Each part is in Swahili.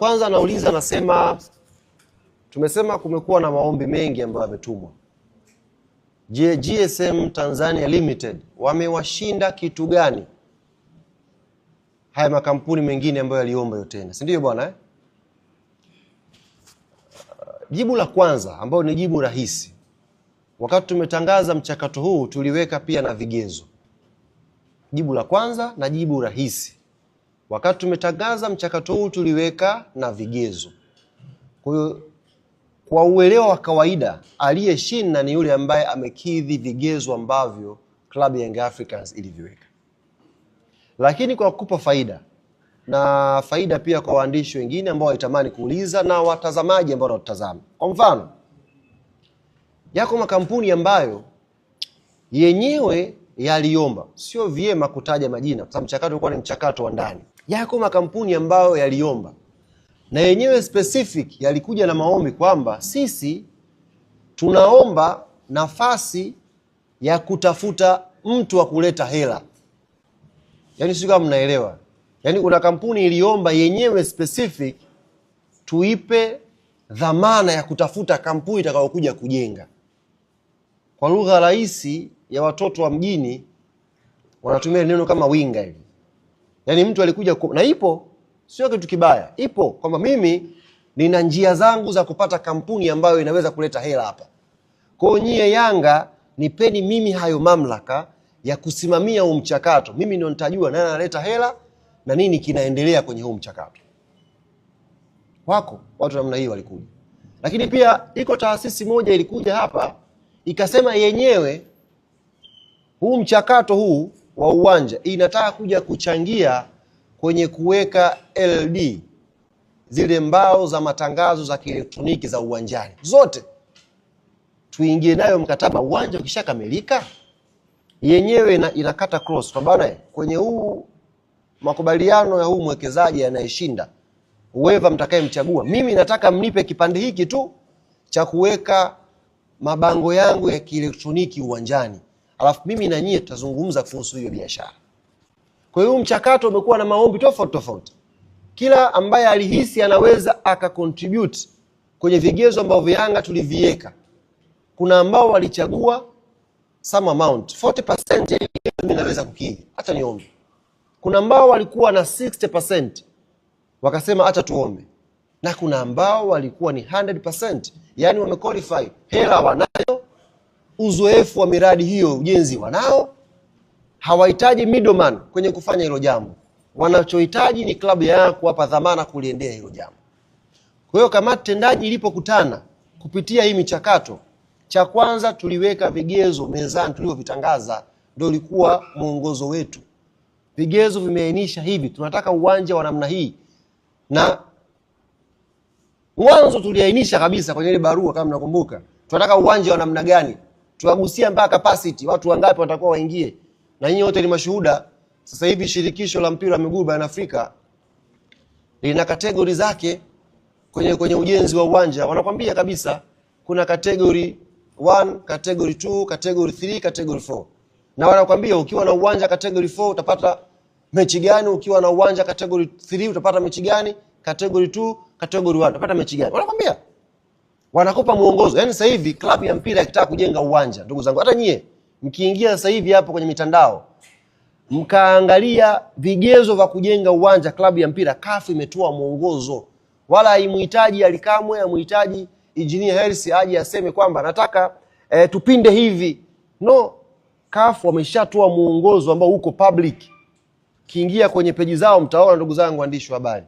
Kwanza nauliza nasema, tumesema kumekuwa na maombi mengi ambayo yametumwa. Je, GSM Tanzania Limited wamewashinda kitu gani haya makampuni mengine ambayo yaliomba hiyo tena, si ndio bwana eh? Jibu la kwanza ambayo ni jibu rahisi, wakati tumetangaza mchakato huu tuliweka pia na vigezo. Jibu la kwanza na jibu rahisi Wakati tumetangaza mchakato huu tuliweka na vigezo. Kwa hiyo kwa uelewa wa kawaida aliyeshinda ni yule ambaye amekidhi vigezo ambavyo klabu ya Young Africans ilivyoweka, lakini kwa kupa faida na faida pia kwa waandishi wengine ambao walitamani kuuliza na watazamaji ambao wanatutazama. Kwa mfano, yako makampuni ambayo yenyewe yaliomba, sio vyema kutaja majina kwa sababu mchakato ulikuwa ni mchakato wa ndani. Yako makampuni ambayo yaliomba na yenyewe specific yalikuja na maombi kwamba sisi tunaomba nafasi ya kutafuta mtu wa kuleta hela, yaani sio kama mnaelewa. Yaani kuna kampuni iliomba yenyewe specific tuipe dhamana ya kutafuta kampuni itakayokuja kujenga. Kwa lugha rahisi ya watoto wa mjini wanatumia neno kama winga hivi Yaani mtu alikuja ku... na ipo, sio kitu kibaya, ipo kwamba mimi nina njia zangu za kupata kampuni ambayo inaweza kuleta hela hapa. Kwa hiyo nyie Yanga nipeni mimi hayo mamlaka ya kusimamia huu mchakato, mimi ndio nitajua nani analeta hela na nini kinaendelea kwenye huu mchakato. Wako watu namna hii walikuja, lakini pia iko taasisi moja ilikuja hapa ikasema yenyewe huu mchakato huu wa uwanja inataka kuja kuchangia kwenye kuweka LED zile mbao za matangazo za kielektroniki za uwanjani zote, tuingie nayo mkataba. Uwanja ukishakamilika yenyewe inakata cross bana, kwenye huu makubaliano ya huu mwekezaji anayeshinda, uweva mtakayemchagua, mimi nataka mnipe kipande hiki tu cha kuweka mabango yangu ya kielektroniki uwanjani alafu mimi na nyie tutazungumza kuhusu hiyo biashara. Kwa hiyo mchakato umekuwa na maombi tofauti tofauti, kila ambaye alihisi anaweza akakontribute kwenye vigezo ambavyo Yanga tuliviweka. Kuna ambao walichagua some amount 40% ya mimi naweza kukidhi, acha niombe. Kuna ambao walikuwa na 60% wakasema acha tuombe, na kuna ambao walikuwa ni 100%, yani wamequalify, hela wanayo uzoefu wa miradi hiyo ujenzi wanao, hawahitaji middleman kwenye kufanya hilo jambo. Wanachohitaji ni klabu ya kuwapa dhamana kuliendea hilo jambo. Kwa hiyo kamati tendaji ilipokutana kupitia hii michakato, cha kwanza tuliweka vigezo mezani tulivyovitangaza, ndio ilikuwa mwongozo wetu. Vigezo vimeainisha hivi, tunataka uwanja wa namna hii, na mwanzo tuliainisha kabisa kwenye ile barua, kama mnakumbuka, tunataka uwanja wa namna gani tuwagusie mpaka capacity, watu wangapi watakuwa waingie, na nyinyi wote ni mashuhuda. Sasa hivi shirikisho la mpira wa miguu barani Afrika lina kategori zake kwenye, kwenye ujenzi wa uwanja wanakwambia kabisa kuna category 1, category 2, category 3, category 4 na wanakwambia ukiwa na uwanja category 4 utapata mechi gani, ukiwa na uwanja category 3 utapata mechi gani, category 2, category 1 utapata mechi gani, wanakwambia wanakopa mwongozo. Yaani sasa hivi klabu ya mpira ikitaka kujenga uwanja, ndugu zangu, hata nyie mkiingia sasa hivi hapo kwenye mitandao mkaangalia vigezo vya kujenga uwanja klabu ya mpira, kafu imetoa mwongozo, wala haimhitaji Alikamwe, amhitaji injinia Hersi aje aseme kwamba nataka e, tupinde hivi. No, kafu wameshatoa mwongozo ambao uko public. Kiingia kwenye peji zao mtaona, ndugu zangu waandishi wa habari.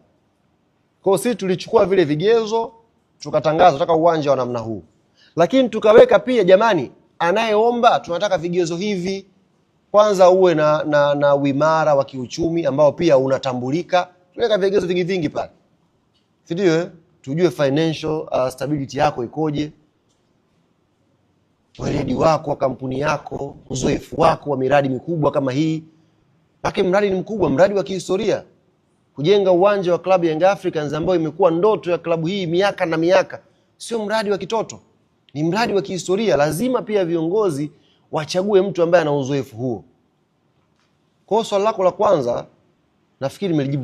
Kwa sisi tulichukua vile vigezo tukatangaza tunataka uwanja wa namna huu, lakini tukaweka pia, jamani, anayeomba tunataka vigezo hivi. Kwanza uwe na, na, na uimara wa kiuchumi ambao pia unatambulika. Tuweka vigezo vingi vingi pale, si eh? tujue financial uh, stability yako ikoje, weledi wako wa kampuni yako, uzoefu wako wa miradi mikubwa kama hii. Lakini mradi ni mkubwa, mradi wa kihistoria kujenga uwanja wa klabu Young Africans ambayo imekuwa ndoto ya klabu hii miaka na miaka, sio mradi wa kitoto, ni mradi wa kihistoria. Lazima pia viongozi wachague mtu ambaye ana uzoefu huo. Kwa hiyo swali lako la kwanza nafikiri nimelijibu.